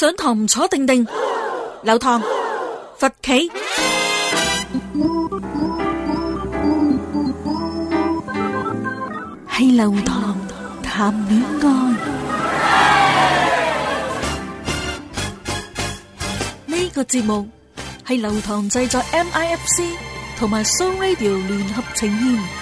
上堂唔坐定定，流堂佛企係流堂談戀愛，呢個節目係流堂製作 M I F C 同埋 Sun Radio 聯合呈獻。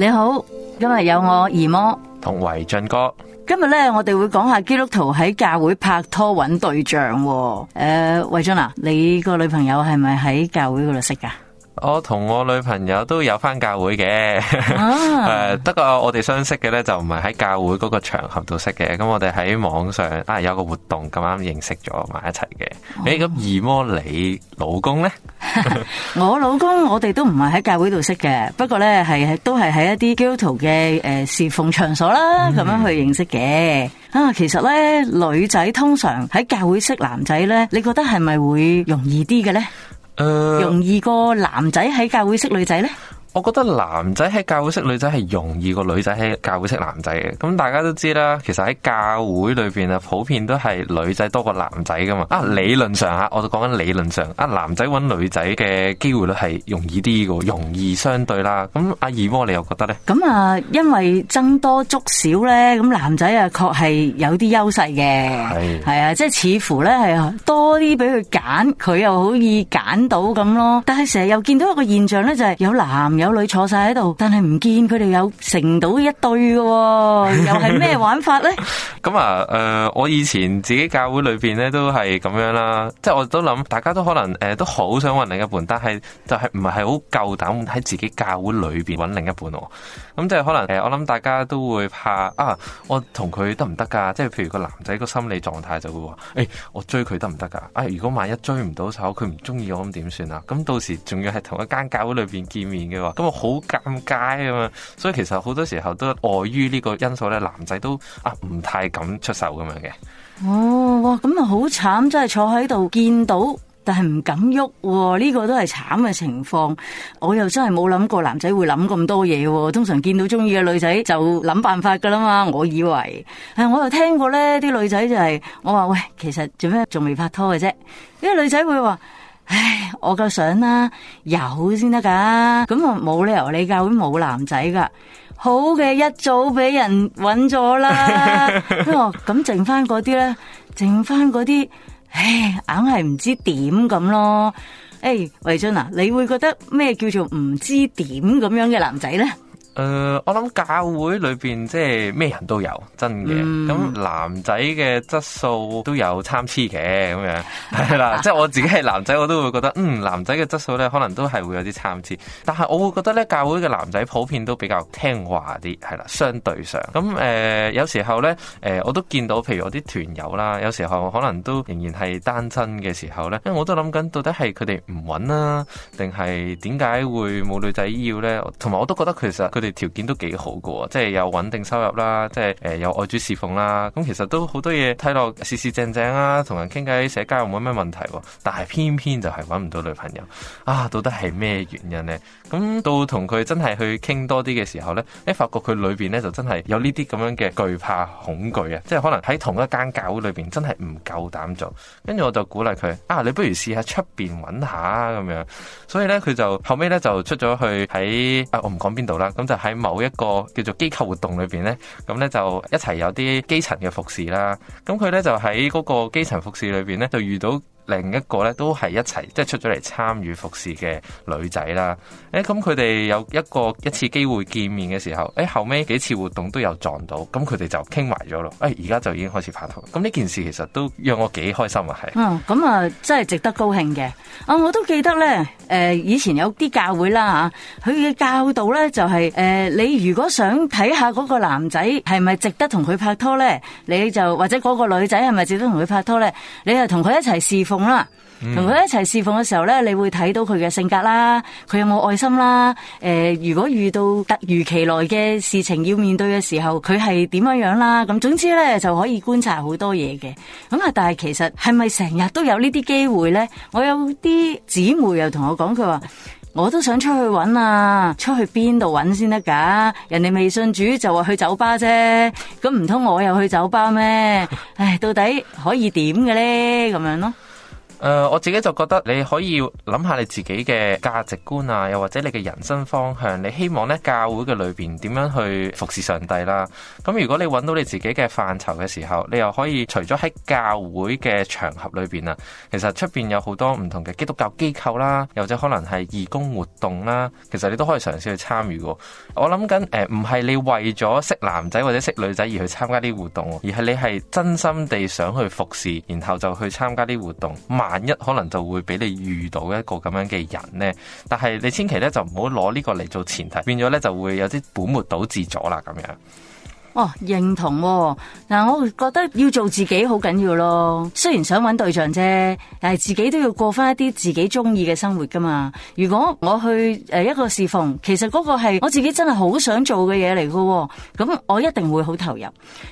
你好，今日有我二魔同維俊哥。今日咧，我哋會講下基督徒喺教會拍拖揾對象、哦。誒、呃，維俊啊，你個女朋友係咪喺教會嗰度識噶？我同我女朋友都有返教會嘅，誒、啊，不過 我哋相識嘅咧就唔係喺教會嗰個場合度識嘅，咁我哋喺網上啊有個活動咁啱認識咗埋一齊嘅。誒、哦，咁、欸、二魔你老公咧？ 我老公我哋都唔係喺教會度識嘅，不過咧係都係喺一啲教會嘅誒侍奉場所啦，咁樣去認識嘅。嗯、啊，其實咧女仔通常喺教會識男仔咧，你覺得係咪會容易啲嘅咧？容易過男仔喺教會識女仔咧。我覺得男仔喺教會識女仔係容易過女仔喺教會識男仔嘅，咁大家都知啦。其實喺教會裏邊啊，普遍都係女仔多過男仔噶嘛。啊，理論上吓，我就講緊理論上啊，男仔搵女仔嘅機會率係容易啲嘅，容易相對啦。咁阿二哥，你又覺得呢？咁啊，因為僧多粥少呢，咁男仔啊，確係有啲優勢嘅。係係啊，即係似乎呢係多啲俾佢揀，佢又好易揀到咁咯。但係成日又見到一個現象呢，就係有男。有女坐晒喺度，但係唔見佢哋有成到一對嘅，哦，又係咩玩法咧？咁啊， 誒、呃，我以前自己教會裏邊咧都係咁樣啦，即係我都諗，大家都可能誒、呃，都好想揾另一半，但係就係唔係係好夠膽喺自己教會裏邊揾另一半咯。咁即係可能誒、呃，我諗大家都會怕啊，我同佢得唔得噶？即係譬如個男仔個心理狀態就會話，誒、欸，我追佢得唔得噶？啊，如果萬一追唔到手，佢唔中意我，咁點算啊？咁到時仲要係同一間教會裏邊見面嘅話咁啊，好尷尬㗎嘛！所以其實好多時候都礙於呢個因素咧，男仔都啊唔太敢出手咁樣嘅。哦，哇！咁啊，好慘，真係坐喺度見到，但係唔敢喐、哦。呢個都係慘嘅情況。我又真係冇諗過男仔會諗咁多嘢、哦。通常見到中意嘅女仔就諗辦法噶啦嘛。我以為，誒、哎，我又聽過咧，啲女仔就係、是、我話喂，其實做咩仲未拍拖嘅啫？啲女仔會話。唉，我夠想啦，有先得噶，咁啊冇理由你教會冇男仔噶，好嘅一早俾人揾咗啦，咁 剩翻嗰啲咧，剩翻嗰啲，唉，硬係唔知點咁咯，誒、欸，維俊啊，你會覺得咩叫做唔知點咁樣嘅男仔咧？誒、呃，我諗教會裏邊即係咩人都有，真嘅。咁、嗯、男仔嘅質素都有參差嘅，咁樣係啦。 即係我自己係男仔，我都會覺得，嗯，男仔嘅質素咧，可能都係會有啲參差。但係我會覺得咧，教會嘅男仔普遍都比較聽話啲，係啦，相對上。咁誒、呃，有時候咧，誒、呃，我都見到，譬如我啲團友啦，有時候可能都仍然係單身嘅時候咧，因為我都諗緊，到底係佢哋唔穩唔揾啊，定係點解會冇女仔要咧？同埋，我都覺得其實佢哋。條件都幾好嘅喎，即係有穩定收入啦，即係有愛主侍奉啦，咁其實都好多嘢睇落事事正正啦，同人傾偈社交又冇咩問題喎，但係偏偏就係揾唔到女朋友啊！到底係咩原因呢？咁到同佢真係去傾多啲嘅時候呢，誒發覺佢裏面呢，就真係有呢啲咁樣嘅懼怕、恐懼啊！即係可能喺同一間教會裏真係唔夠膽做，跟住我就鼓勵佢啊，你不如試，試下出邊揾下咁樣，所以呢，佢就後尾呢，就出咗去喺啊，我唔講邊度啦，咁。就喺某一個叫做機構活動裏邊咧，咁咧就一齊有啲基層嘅服侍啦。咁佢咧就喺嗰個基層服侍裏邊咧，就遇到。另一個咧都係一齊，即係出咗嚟參與服侍嘅女仔啦。誒、哎，咁佢哋有一個一次機會見面嘅時候，誒、哎，後尾幾次活動都有撞到，咁佢哋就傾埋咗咯。誒、哎，而家就已經開始拍拖。咁呢件事其實都讓我幾開心啊，係。嗯，咁啊，真係值得高興嘅。啊、嗯，我都記得咧，誒、呃，以前有啲教會啦吓，佢嘅教導咧就係、是，誒、呃，你如果想睇下嗰個男仔係咪值得同佢拍拖咧，你就或者嗰個女仔係咪值得同佢拍拖咧，你就同佢一齊侍奉。咁啦，同佢、嗯、一齊侍奉嘅時候咧，你會睇到佢嘅性格啦，佢有冇愛心啦？誒、呃，如果遇到突如其來嘅事情要面對嘅時候，佢係點樣樣啦？咁總之咧，就可以觀察好多嘢嘅。咁啊，但係其實係咪成日都有呢啲機會咧？我有啲姊妹又同我講，佢話我都想出去搵啊，出去邊度搵先得㗎？人哋未信主就話去酒吧啫，咁唔通我又去酒吧咩？唉，到底可以點嘅咧？咁樣咯。誒、呃、我自己就覺得你可以諗下你自己嘅價值觀啊，又或者你嘅人生方向，你希望呢教會嘅裏面點樣去服侍上帝啦。咁如果你揾到你自己嘅範疇嘅時候，你又可以除咗喺教會嘅場合裏面啊，其實出面有好多唔同嘅基督教機構啦，又或者可能係義工活動啦，其實你都可以嘗試去參與。我諗緊誒，唔係你為咗識男仔或者識女仔而去參加啲活動，而係你係真心地想去服侍，然後就去參加啲活動。萬一可能就會俾你遇到一個咁樣嘅人呢，但係你千祈咧就唔好攞呢個嚟做前提，變咗咧就會有啲本末倒置咗啦咁樣。哦，認同嗱、哦，但我覺得要做自己好緊要咯。雖然想揾對象啫，但係自己都要過翻一啲自己中意嘅生活噶嘛。如果我去誒一個侍奉，其實嗰個係我自己真係好想做嘅嘢嚟噶，咁我一定會好投入。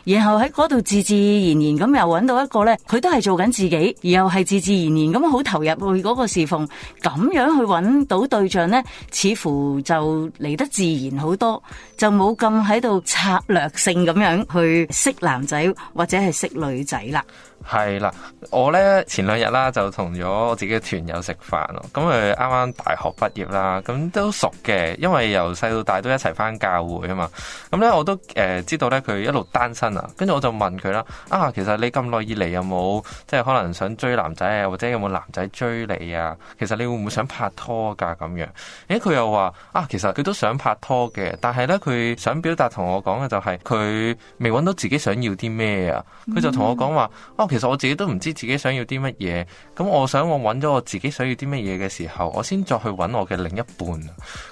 然後喺嗰度自自然然咁又揾到一個呢，佢都係做緊自己，然後係自自然然咁好投入去嗰個侍奉，咁樣去揾到對象呢，似乎就嚟得自然好多，就冇咁喺度策略。定咁樣去識男仔，或者係識女仔啦。係啦，我咧，前兩日啦就同咗我自己嘅團友食飯咯，咁佢啱啱大學畢業啦，咁都熟嘅，因為由細到大都一齊翻教會啊嘛，咁咧，我都誒知道咧佢一路單身啊，跟住我就問佢啦，啊其實你咁耐以嚟有冇即係可能想追男仔啊，或者有冇男仔追你啊？其實你會唔會想拍拖㗎咁樣？誒佢又話啊，其實佢都想拍拖嘅，但係咧佢想表達同我講嘅就係佢未揾到自己想要啲咩啊，佢就同我講話，嗯哦其實我自己都唔知自己想要啲乜嘢，咁我想我揾咗我自己想要啲乜嘢嘅時候，我先再去揾我嘅另一半。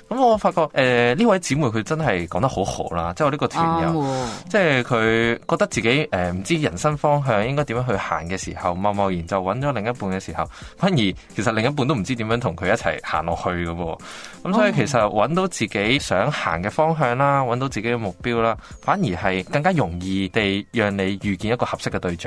咁我發覺誒呢、呃、位姐妹佢真係講得好好啦，即係我呢個團友，的即係佢覺得自己誒唔、呃、知人生方向應該點樣去行嘅時候，貿貿然就揾咗另一半嘅時候，反而其實另一半都唔知點樣同佢一齊行落去嘅喎。咁所以其實揾到自己想行嘅方向啦，揾到自己嘅目標啦，反而係更加容易地讓你遇見一個合適嘅對象。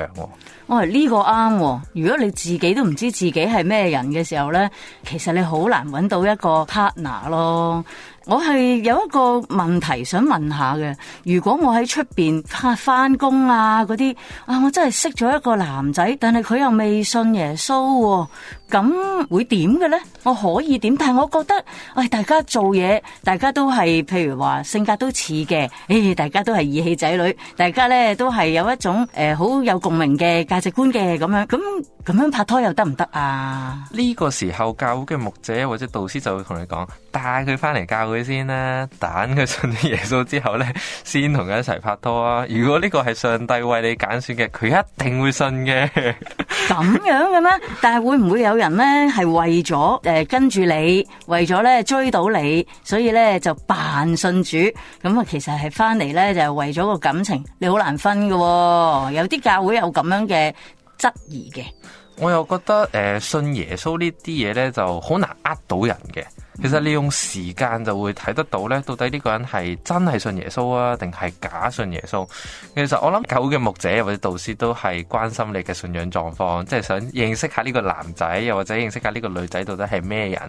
我係呢個啱喎、啊！如果你自己都唔知自己係咩人嘅時候呢，其實你好難揾到一個 partner 咯。我係有一個問題想問下嘅，如果我喺出邊返返工啊，嗰啲啊，我真係識咗一個男仔，但係佢又未信耶穌、喎，咁會點嘅咧？我可以點，但係我覺得，唉、哎，大家做嘢，大家都係，譬如話性格都似嘅，誒、哎，大家都係義氣仔女，大家咧都係有一種誒好、呃、有共鳴嘅價值觀嘅咁樣，咁咁樣拍拖又得唔得啊？呢個時候教會嘅牧者或者導師就會同你講。帶佢翻嚟教佢先啦、啊，等佢信耶穌之後咧，先同佢一齊拍拖啊。如果呢個係上帝為你揀選嘅，佢一定會信嘅。咁 樣嘅咩？但係會唔會有人咧係為咗誒、呃、跟住你，為咗咧追到你，所以咧就扮信主咁啊？其實係翻嚟咧就係，、為咗個感情，你好難分噶、哦。有啲教會有咁樣嘅質疑嘅，我又覺得誒、呃、信耶穌呢啲嘢咧就好難呃到人嘅。其實你用時間就會睇得到咧，到底呢個人係真係信耶穌啊，定係假信耶穌？其實我諗，教會嘅牧者或者導師都係關心你嘅信仰狀況，即係想認識下呢個男仔，又或者認識下呢個女仔到底係咩人，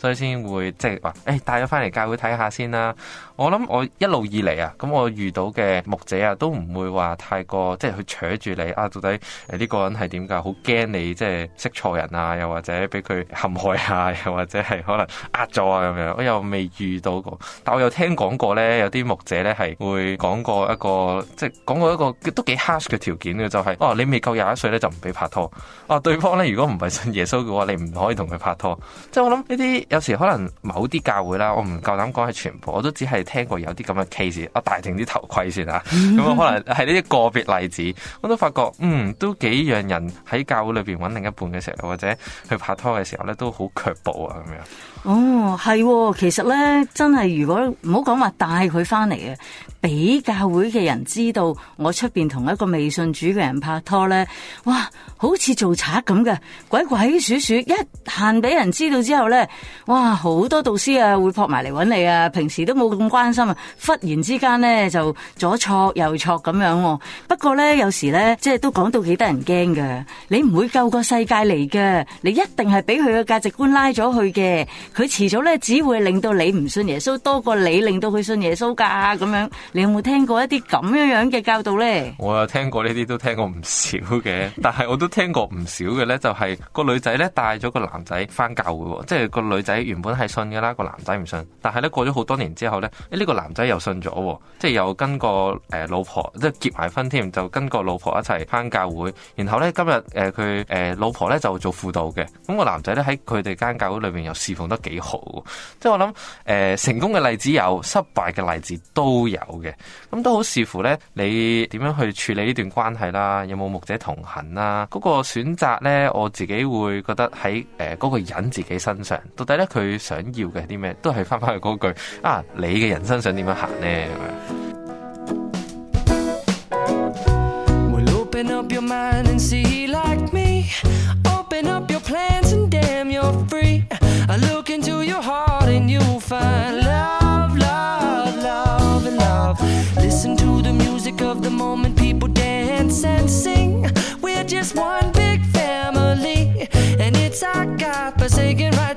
所以先會即係話，誒帶咗翻嚟教會睇下先啦。我諗我一路以嚟啊，咁我遇到嘅牧者啊，都唔會話太過即係去扯住你啊，到底呢個人係點㗎？好驚你即係識錯人啊，又或者俾佢陷害下、啊，又或者係可能壓。咁樣，我又未遇到過，但我有聽講過呢。有啲牧者呢，係會講過一個，即係講過一個都幾 harsh 嘅條件嘅，就係、是、哦、啊，你未夠廿一歲呢，就唔俾拍拖，哦、啊，對方呢，如果唔係信耶穌嘅話，你唔可以同佢拍拖。即係我諗呢啲有時可能某啲教會啦，我唔夠膽講係全部，我都只係聽過有啲咁嘅 case。我戴定啲頭盔先啊，咁 可能係呢啲個別例子，我都發覺嗯都幾讓人喺教會裏邊揾另一半嘅時候，或者去拍拖嘅時候呢，都好卻步啊，咁樣。哦，係、哦，其實咧，真係如果唔好講話帶佢翻嚟嘅。比俾教會嘅人知道我出邊同一個未信主嘅人拍拖呢，哇，好似做賊咁嘅，鬼鬼鼠鼠，一限俾人知道之後呢，哇，好多導師啊會撲埋嚟揾你啊，平時都冇咁關心啊，忽然之間呢就左錯右錯咁樣啊。不過呢，有時呢，即係都講到幾得人驚嘅，你唔會救個世界嚟嘅，你一定係俾佢嘅價值觀拉咗去嘅，佢遲早呢，只會令到你唔信耶穌多過你令到佢信耶穌噶咁樣。你有冇聽過一啲咁樣樣嘅教導咧？我有聽過呢啲，都聽過唔少嘅。但係我都聽過唔少嘅咧、就是，就係 個女仔咧帶咗個男仔翻教會喎，即係個女仔原本係信㗎啦，個男仔唔信。但係咧過咗好多年之後咧，呢、欸這個男仔又信咗，即係又跟個誒、呃、老婆即係結埋婚添，就跟個老婆一齊翻教會。然後咧今日誒佢誒老婆咧就做輔導嘅，咁、那個男仔咧喺佢哋間教會裏邊又侍奉得幾好。即係我諗誒、呃、成功嘅例子有，失敗嘅例子都有。嘅，咁都好視乎咧，你點樣去處理呢段關係啦？有冇牧者同行啦？嗰個選擇咧，我自己會覺得喺誒嗰個人自己身上，到底咧佢想要嘅係啲咩，都係翻翻去嗰句啊，你嘅人生想點樣行咧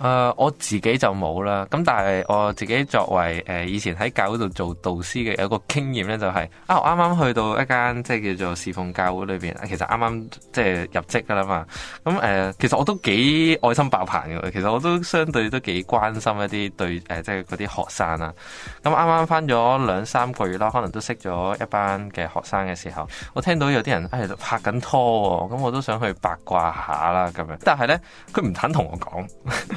誒、呃、我自己就冇啦，咁但係我自己作為誒、呃、以前喺教會度做導師嘅有個經驗咧、就是，就係啊，我啱啱去到一間即係叫做侍奉教會裏面，其實啱啱即係入職噶啦嘛。咁誒、呃，其實我都幾愛心爆棚嘅，其實我都相對都幾關心一啲對、呃、即係嗰啲學生啊。咁啱啱返咗兩三個月啦，可能都識咗一班嘅學生嘅時候，我聽到有啲人誒、哎、拍緊拖喎、哦，咁我都想去八卦下啦咁樣。但係咧，佢唔肯同我講。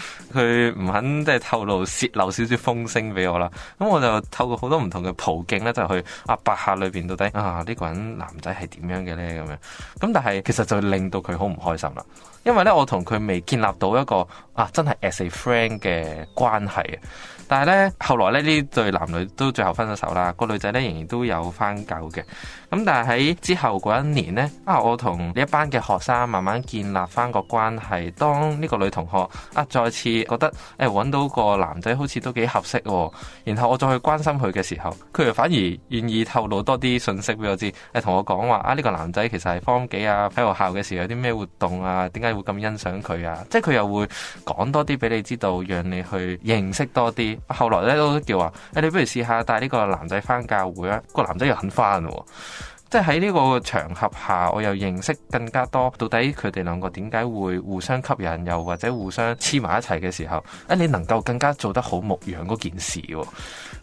佢唔肯即係透露洩漏少少風聲俾我啦，咁我就透過好多唔同嘅途徑咧，就去伯伯啊，白下裏邊到底啊呢個人男仔係點樣嘅咧咁樣，咁但係其實就令到佢好唔開心啦，因為咧我同佢未建立到一個啊真係 as a friend 嘅關係啊，但係咧後來咧呢對男女都最後分咗手啦，個女仔咧仍然都有翻舊嘅，咁但係喺之後嗰一年咧啊，我同呢一班嘅學生慢慢建立翻個關係，當呢個女同學啊再次。覺得誒揾到個男仔好似都幾合適喎，然後我再去關心佢嘅時候，佢又反而願意透露多啲信息俾我知，誒同我講話啊呢個男仔其實係方幾啊，喺學校嘅時候有啲咩活動啊，點解會咁欣賞佢啊？即係佢又會講多啲俾你知道，讓你去認識多啲。後來咧都叫話誒，你不如試下帶呢個男仔翻教會啊，個男仔又肯翻喎。即係喺呢個場合下，我又認識更加多，到底佢哋兩個點解會互相吸引，又或者互相黐埋一齊嘅時候，啊，你能夠更加做得好牧養嗰件事，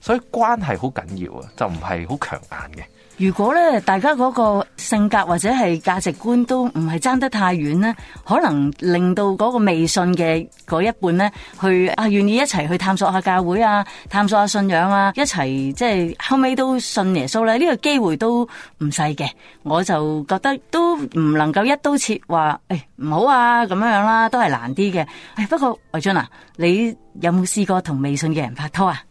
所以關係好緊要啊，就唔係好強硬嘅。如果咧，大家嗰個性格或者係價值觀都唔係爭得太遠咧，可能令到嗰個未信嘅嗰一半咧，去啊願意一齊去探索下教會啊，探索下信仰啊，一齊即係後尾都信耶穌咧，呢、這個機會都唔細嘅。我就覺得都唔能夠一刀切話，誒唔好啊咁樣樣啦，都係難啲嘅。誒、哎，不過維俊啊，你有冇試過同未信嘅人拍拖啊？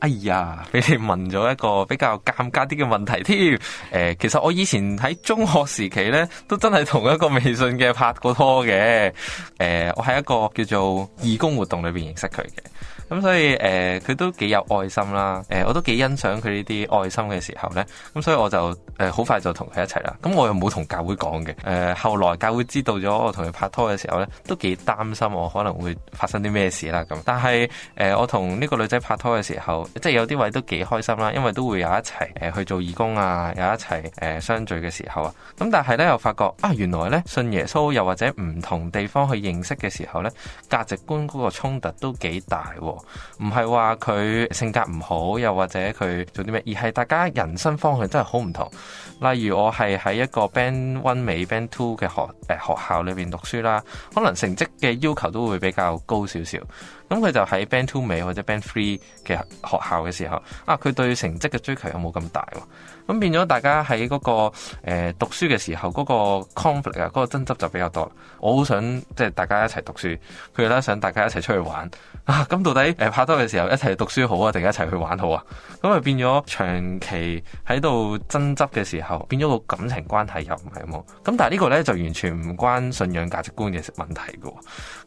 哎呀，俾你問咗一個比較尷尬啲嘅問題添。誒、呃，其實我以前喺中學時期咧，都真係同一個微信嘅拍過拖嘅。誒、呃，我喺一個叫做義工活動裏邊認識佢嘅。咁所以誒，佢、呃、都幾有愛心啦，誒、呃，我都幾欣賞佢呢啲愛心嘅時候呢。咁所以我就誒好、呃、快就同佢一齊啦。咁我又冇同教會講嘅。誒、呃，後來教會知道咗我同佢拍拖嘅時候呢，都幾擔心我可能會發生啲咩事啦。咁，但係誒、呃，我同呢個女仔拍拖嘅時候，即、就、係、是、有啲位都幾開心啦，因為都會有一齊誒去做義工啊，有一齊誒、呃、相聚嘅時候啊。咁但係呢，又發覺啊，原來呢，信耶穌又或者唔同地方去認識嘅時候呢，價值觀嗰個衝突都幾大喎、啊。唔係話佢性格唔好，又或者佢做啲咩，而係大家人生方向真係好唔同。例如我係喺一個 Band One 美、美 Band Two 嘅學誒、呃、學校裏邊讀書啦，可能成績嘅要求都會比較高少少。咁佢就喺 band two 尾或者 band three 嘅學校嘅時候，啊佢對成績嘅追求有冇咁大？咁變咗大家喺嗰個誒讀書嘅時候，嗰個 conflict 啊，嗰個爭執就比較多啦。我好想即係大家一齊讀書，佢啦想大家一齊出去玩啊！咁到底誒拍拖嘅時候一齊讀書好啊，定一齊去玩好啊？咁啊變咗長期喺度爭執嘅時候，變咗個感情關係又唔係咁。咁但係呢個咧就完全唔關信仰價值觀嘅問題嘅。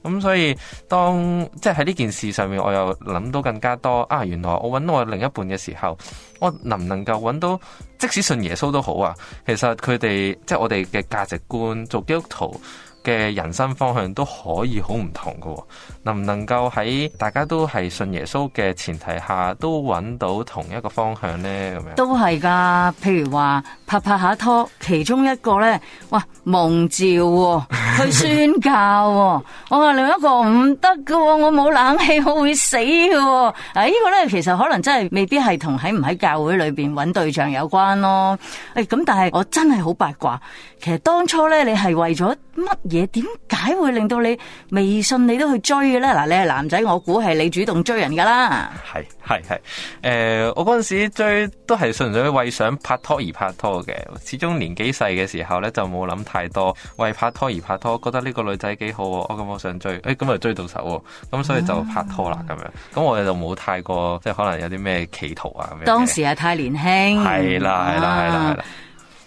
咁所以當即係喺呢。呢件事上面，我又諗到更加多啊！原來我揾我另一半嘅時候，我能唔能夠揾到，即使信耶穌都好啊！其實佢哋即係我哋嘅價值觀做基督徒嘅人生方向都可以好唔同噶、喎，能唔能夠喺大家都係信耶穌嘅前提下，都揾到同一個方向咧？咁樣都係噶，譬如話拍拍下拖，其中一個咧，哇，蒙召、喎、去宣教、喎， 我話另一個唔得噶，我冇冷氣，我會死噶、喎。啊、哎，這個、呢個咧其實可能真係未必係同喺唔喺教會裏邊揾對象有關咯。誒、哎，咁但係我真係好八卦。其實當初咧，你係為咗乜嘢？點解會令到你微信你都去追嘅咧？嗱，你係男仔，我估係你主動追人噶啦。係係係，誒、呃，我嗰陣時追都係純粹為想拍拖而拍拖嘅。始終年紀細嘅時候咧，就冇諗太多，為拍拖而拍拖，覺得呢個女仔幾好，我、哦、咁我想追，誒、哎，咁啊追到手，咁所以就拍拖啦咁、啊、樣。咁我哋就冇太過，即係可能有啲咩企圖啊。當時係太年輕。係啦係啦係啦係啦。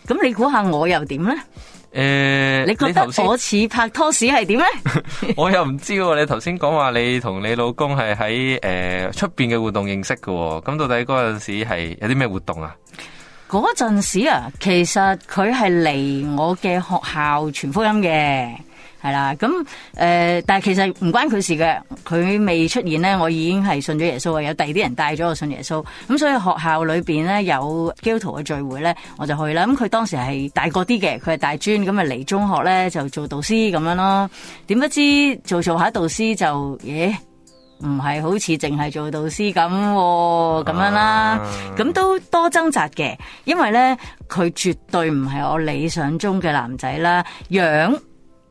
咁你估下我又點咧？誒、欸，你覺得你剛我似拍拖史係點咧？ 我又唔知喎、啊。你頭先講話你同你老公係喺誒出邊嘅活動認識嘅、啊，咁到底嗰陣時係有啲咩活動啊？嗰陣時啊，其實佢係嚟我嘅學校傳福音嘅。係啦，咁誒、嗯，但其實唔關佢事嘅。佢未出現咧，我已經係信咗耶穌啊。有第二啲人帶咗我信耶穌，咁所以學校裏面咧有基督徒嘅聚會咧，我就去啦。咁、嗯、佢當時係大個啲嘅，佢係大專咁啊嚟中學咧就做導師咁樣咯。點不知做做下導師就，咦、欸？唔係好似淨係做導師咁咁樣啦，咁、啊、都多掙扎嘅，因為咧佢絕對唔係我理想中嘅男仔啦，樣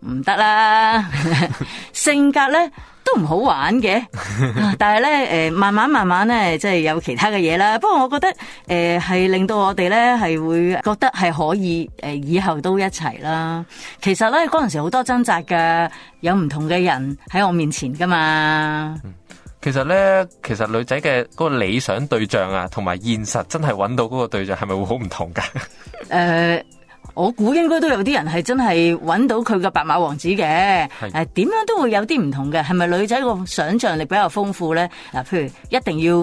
唔得啦， 性格咧都唔好玩嘅， 但係咧誒，慢慢慢慢咧，即、就、係、是、有其他嘅嘢啦。不過我覺得誒，係、呃、令到我哋咧係會覺得係可以誒、呃，以後都一齊啦。其實咧嗰陣時好多掙扎噶，有唔同嘅人喺我面前噶嘛、嗯。其實咧，其實女仔嘅嗰個理想對象啊，同埋現實真係揾到嗰個對象，係咪會好唔同噶？誒 、呃。我估應該都有啲人係真係揾到佢嘅白馬王子嘅。誒點的樣都會有啲唔同嘅。係咪女仔個想像力比較豐富呢？嗱，譬如一定要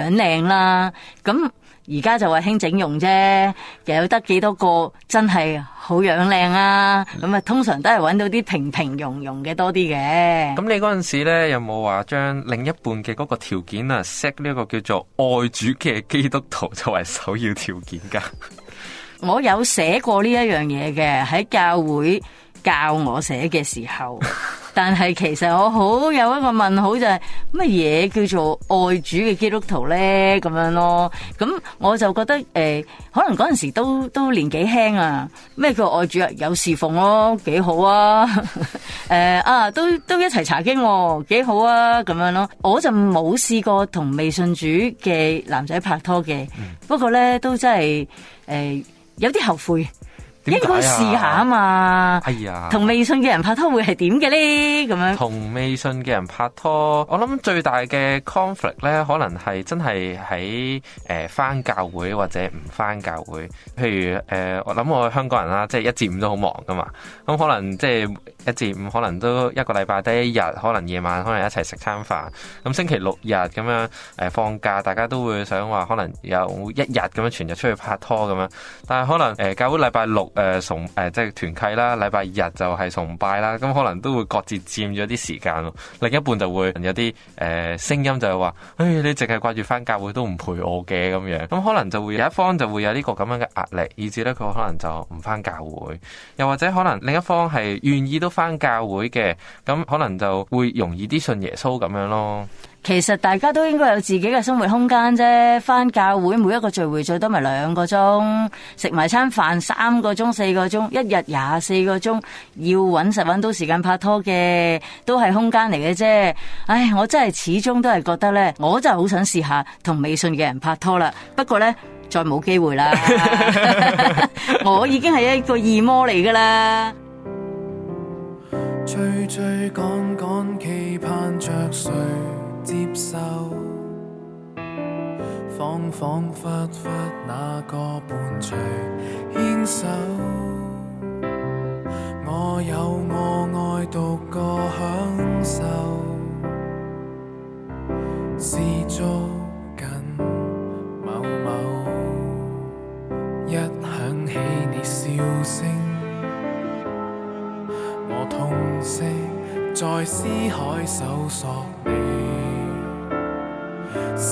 樣靚啦，咁而家就話興整容啫，又有得幾多個真係好樣靚啊？咁啊的，通常都係揾到啲平平庸庸嘅多啲嘅。咁你嗰陣時呢，有冇話將另一半嘅嗰個條件啊，set 呢個叫做愛主嘅基督徒作為首要條件噶？ 我有寫過呢一樣嘢嘅，喺教會教我寫嘅時候， 但係其實我好有一個問號，就係乜嘢叫做愛主嘅基督徒咧咁樣咯？咁我就覺得誒、呃，可能嗰陣時都都年紀輕啊，咩叫愛主啊？有侍奉咯，幾好啊！誒 啊、呃，都都一齊查經、哦，幾好啊！咁樣咯，我就冇試過同未信主嘅男仔拍拖嘅，不過咧都真係誒。呃有啲後悔。應該試下啊嘛！係啊、哎呀，同未信嘅人拍拖會係點嘅咧？咁樣同未信嘅人拍拖，我諗最大嘅 conflict 咧，可能係真係喺返翻教會或者唔返教會。譬如誒、呃，我諗我香港人啦，即係一至五都好忙㗎嘛。咁可能即係一至五，可能都一個禮拜得一日，可能夜晚可能一齊食餐飯。咁星期六日咁樣、呃、放假，大家都會想話可能有一日咁樣全日出去拍拖咁樣。但係可能誒、呃、教會禮拜六。誒崇誒即係團契啦，禮拜日就係崇拜啦，咁可能都會各自佔咗啲時間。另一半就會有啲誒聲音就係話，哎，你淨係掛住返教會都唔陪我嘅咁樣。咁可能就會有一方就會有呢個咁樣嘅壓力，以至咧佢可能就唔返教會。又或者可能另一方係願意都返教會嘅，咁可能就會容易啲信耶穌咁樣咯。其實大家都應該有自己嘅生活空間啫，返教會每一個聚會最多咪兩個鐘，食埋餐飯三個鐘四個鐘，一日廿四個鐘，要搵實搵到時間拍拖嘅，都係空間嚟嘅啫。唉，我真係始終都係覺得呢，我真係好想試下同微信嘅人拍拖啦，不過呢，再冇機會啦， 我已經係一個二魔嚟噶啦。追追趕趕，期盼着誰？接受，恍恍惚惚那個伴隨牽手，我有我愛獨個享受。是捉緊某某，一響起你笑聲，我痛惜在思海搜索。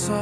想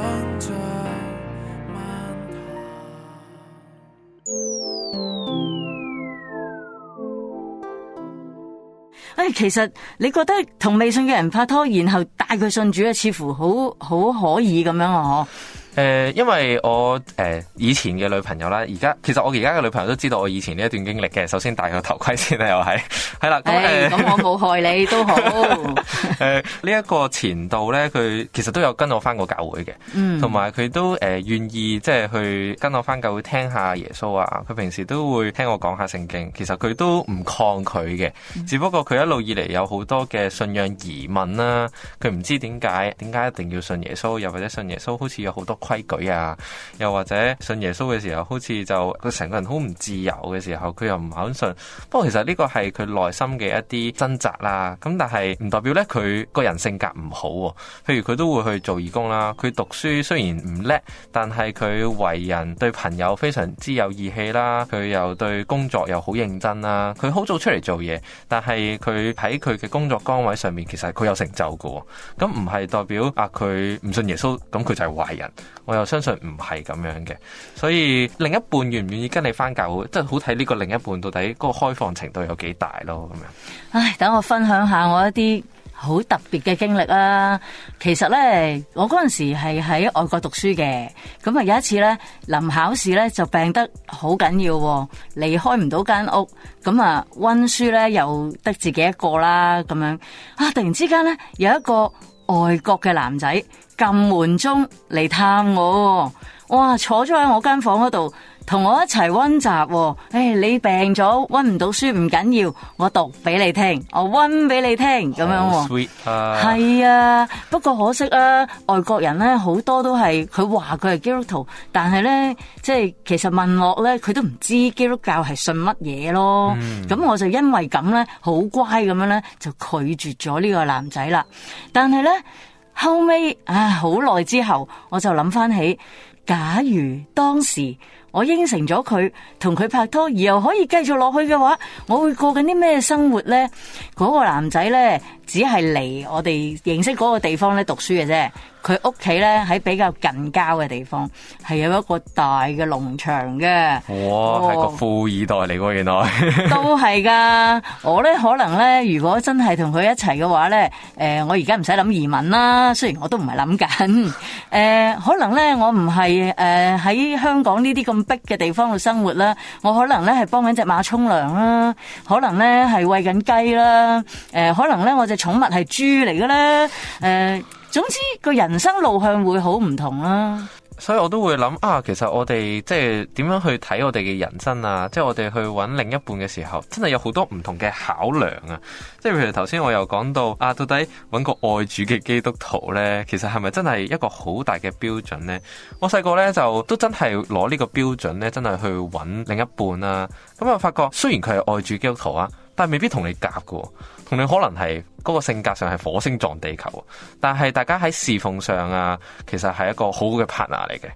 哎，其實你覺得同未信嘅人拍拖，然後帶佢信主，似乎好好可以咁樣啊？誒、呃，因為我誒、呃、以前嘅女朋友啦，而家其實我而家嘅女朋友都知道我以前呢一段經歷嘅。首先戴個頭盔先 啦，又係係啦，咁、嗯呃、我冇害你都好 、呃。誒，呢一個前度咧，佢其實都有跟我翻過教會嘅，同埋佢都誒願、呃、意即係去跟我翻教會聽下耶穌啊。佢平時都會聽我講下聖經，其實佢都唔抗拒嘅，嗯、只不過佢一路以嚟有好多嘅信仰疑問啦、啊，佢唔知點解點解一定要信耶穌，又或者信耶穌好似有好多。規矩啊，又或者信耶穌嘅時候，好似就佢成個人好唔自由嘅時候，佢又唔肯信。不過其實呢個係佢內心嘅一啲掙扎啦。咁但係唔代表呢，佢個人性格唔好啊。譬如佢都會去做義工啦。佢讀書雖然唔叻，但係佢為人對朋友非常之有義氣啦。佢又對工作又好認真啦。佢好早出嚟做嘢，但係佢喺佢嘅工作崗位上面，其實佢有成就嘅啊。咁唔係代表啊佢唔信耶穌，咁佢就係壞人。我又相信唔係咁樣嘅，所以另一半願唔願意跟你返教，即係好睇，呢個另一半到底嗰個開放程度有幾大咯咁樣。唉，等我分享下我一啲好特別嘅經歷啦、啊。其實呢，我嗰陣時係喺外國讀書嘅，咁啊有一次呢，臨考試呢就病得好緊要、啊，離開唔到間屋，咁啊溫書呢又得自己一個啦，咁樣啊突然之間呢，有一個。外國嘅男仔撳門鐘嚟探我，哇，坐咗喺我間房嗰度。同我一齊溫習，誒、哎，你病咗溫唔到書唔緊要，我讀俾你聽，我溫俾你聽咁樣喎。係、oh, sweet . ah. 啊，不過可惜啊，外國人咧好多都係佢話佢係基督徒，但係咧即係其實問落咧佢都唔知基督教係信乜嘢咯。咁、mm. 我就因為咁咧，好乖咁樣咧就拒絕咗呢個男仔啦。但係咧後尾，啊，好耐之後我就諗翻起，假如當時。我應承咗佢，同佢拍拖，而又可以繼續落去嘅話，我會過緊啲咩生活呢？嗰個男仔呢，只係嚟我哋認識嗰個地方咧讀書嘅啫。佢屋企咧喺比較近郊嘅地方，係有一個大嘅農場嘅。哇、哦，係我個富二代嚟喎，原來都係噶。我咧可能咧，如果真係同佢一齊嘅話咧，誒、呃，我而家唔使諗移民啦。雖然我都唔係諗緊，誒、呃，可能咧我唔係誒喺香港呢啲咁逼嘅地方度生活啦。我可能咧係幫緊隻馬沖涼啦，可能咧係喂緊雞啦，誒、呃，可能咧我隻寵物係豬嚟嘅啦。誒、呃。總之個人生路向會好唔同啦、啊，所以我都會諗啊，其實我哋即係點樣去睇我哋嘅人生啊，即係我哋去揾另一半嘅時候，真係有好多唔同嘅考量啊！即係譬如頭先我又講到啊，到底揾個愛主嘅基督徒呢？其實係咪真係一個好大嘅標準呢？我細個呢，就都真係攞呢個標準呢，真係去揾另一半啦、啊。咁我發覺雖然佢係愛主基督徒啊，但係未必同你夾噶。同你可能係嗰個性格上係火星撞地球，但係大家喺事奉上啊，其實係一個好好嘅 partner 嚟嘅。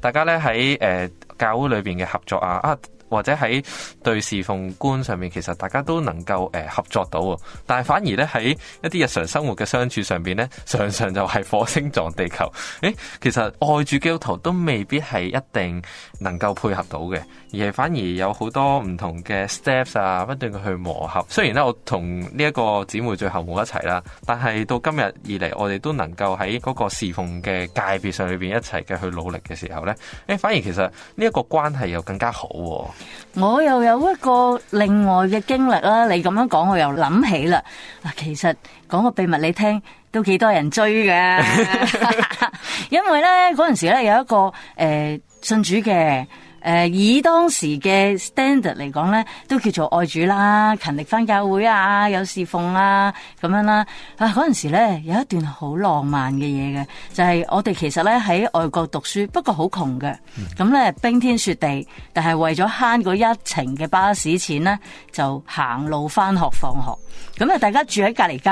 大家咧喺誒教會裏面嘅合作啊啊～或者喺對侍奉觀上面，其實大家都能夠、呃、合作到，但係反而咧喺一啲日常生活嘅相處上面，咧，常常就係火星撞地球。誒，其實愛主基督徒都未必係一定能夠配合到嘅，而係反而有好多唔同嘅 steps 啊，不斷去磨合。雖然咧，我同呢一個姊妹最後冇一齊啦，但係到今日以嚟，我哋都能夠喺嗰個侍奉嘅界別上裏面一齊嘅去努力嘅時候咧，反而其實呢一個關係又更加好喎，啊。我又有一個另外嘅經歷啦，你咁樣講，我又諗起啦。嗱，其實講個秘密你聽，都幾多人追嘅， 因為咧嗰陣時咧有一個誒、欸、信主嘅。誒以當時嘅 standard 嚟講呢，都叫做愛主啦，勤力翻教會啊，有侍奉啊咁樣啦。啊嗰陣時呢有一段好浪漫嘅嘢嘅，就係我哋其實呢喺外國讀書，不過好窮嘅。咁呢冰天雪地，但係為咗慳嗰一程嘅巴士錢呢，就行路翻學放學。咁啊，大家住喺隔離街，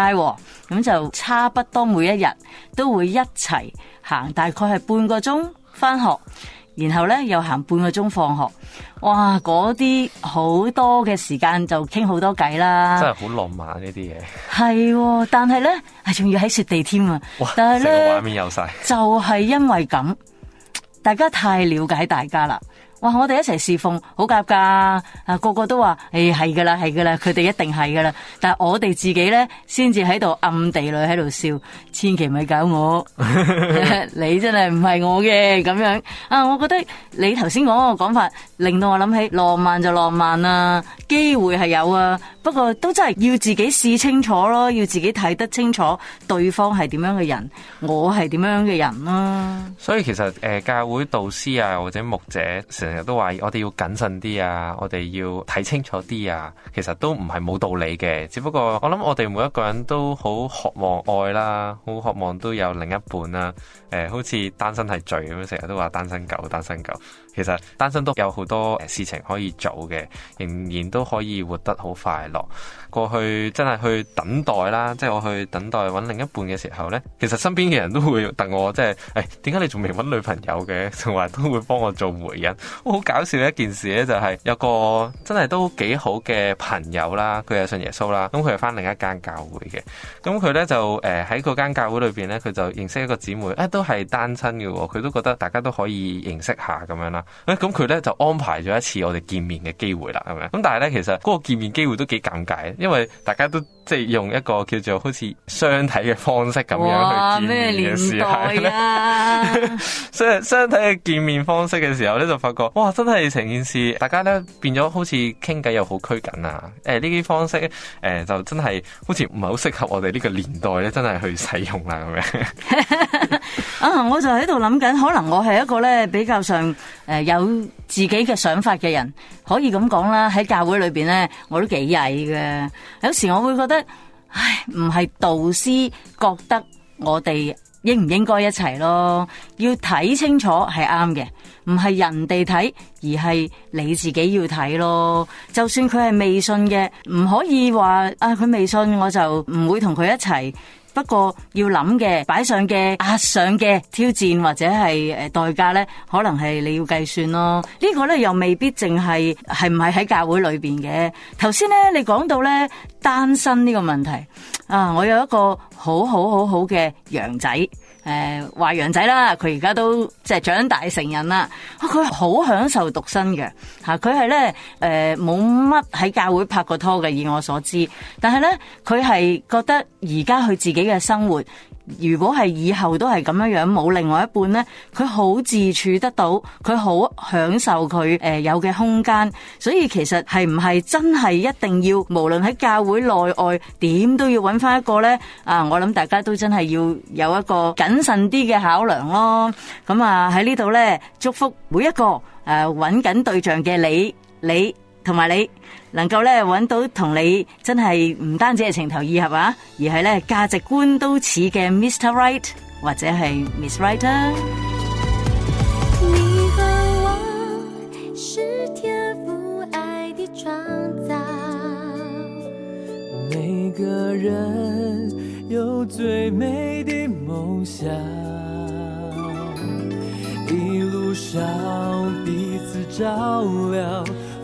咁就差不多每一日都會一齊行，大概係半個鐘翻學。然後咧又行半個鐘放學，哇！嗰啲好多嘅時間就傾好多偈啦，真係好浪漫呢啲嘢。係、哦，但係咧係仲要喺雪地添啊！哇但係咧，個畫面有晒，就係因為咁，大家太了解大家啦。哇！我哋一齊侍奉，好夾噶啊！個個都話，誒、欸，係噶啦，係噶啦，佢哋一定係噶啦。但係我哋自己咧，先至喺度暗地裏喺度笑，千祈咪搞我。 你真係唔係我嘅咁樣啊！我覺得你頭先講嗰個講法，令到我諗起浪漫就浪漫啦、啊，機會係有啊，不過都真係要自己試清楚咯，要自己睇得清楚對方係點樣嘅人，我係點樣嘅人啦、啊。所以其實誒、呃，教會導師啊，或者牧者成日都話我哋要謹慎啲啊，我哋要睇清楚啲啊，其實都唔係冇道理嘅，只不過我諗我哋每一個人都好渴望愛啦，好渴望都有另一半啦。誒、欸，好似單身係罪咁樣，成日都話單身狗、單身狗，其實單身都有好多事情可以做嘅，仍然都可以活得好快樂。過去真係去等待啦，即係我去等待搵另一半嘅時候呢。其實身邊嘅人都會戥我，即係誒，點、哎、解你仲未搵女朋友嘅？同埋都會幫我做媒人。好，好搞笑嘅一件事呢，就係，就係有個真係都幾好嘅朋友啦，佢係信耶穌啦，咁佢係返另一間教會嘅，咁、嗯、佢呢，就誒喺嗰間教會裏邊呢，佢就認識一個姊妹，啊、哎、都係單親嘅、哦，佢都覺得大家都可以認識下咁樣啦，誒咁佢呢，就安排咗一次我哋見面嘅機會啦，咁樣，咁但係呢，其實嗰個見面機會都幾尷尬。因為大家都即係用一個叫做好似相睇嘅方式咁樣去見面嘅時候咧，所以相睇嘅見面方式嘅時候咧，就發覺哇，真係成件事，大家咧變咗好似傾偈又好拘謹啊！誒、欸，呢啲方式誒、欸，就真係好似唔係好適合我哋呢個年代咧，真係去使用啦咁樣。 啊！我就喺度諗緊，可能我係一個咧比較上誒、呃、有自己嘅想法嘅人，可以咁講啦。喺教會裏邊咧，我都幾曳嘅。有時我會覺得，唉，唔係導師覺得我哋應唔應該一齊咯？要睇清楚係啱嘅，唔係人哋睇，而係你自己要睇咯。就算佢係未信嘅，唔可以話啊，佢未信我就唔會同佢一齊。不過要諗嘅擺上嘅、壓上嘅挑戰，或者係誒代價呢，可能係你要計算咯。呢、呢個呢，又未必淨係係唔係喺教會裏邊嘅。頭先呢，你講到呢單身呢個問題啊，我有一個好好好好嘅羊仔。誒話、呃、陽仔啦，佢而家都即係長大成人啦，佢、啊、好享受獨身嘅嚇，佢係咧誒冇乜喺教會拍過拖嘅，以我所知，但係咧佢係覺得而家佢自己嘅生活。如果係以後都係咁樣樣，冇另外一半呢，佢好自處得到，佢好享受佢誒有嘅空間，所以其實係唔係真係一定要，無論喺教會內外點都要揾翻一個呢？啊，我諗大家都真係要有一個謹慎啲嘅考量咯。咁啊喺呢度呢，祝福每一個誒揾緊對象嘅你，你。同埋你能夠咧揾到同你真係唔單止係情投意合啊，而係咧價值觀都似嘅 Mr. Right 或者係 Miss Right。你和我是天父愛的創造，每個人有最美的夢想，一路上彼此照亮。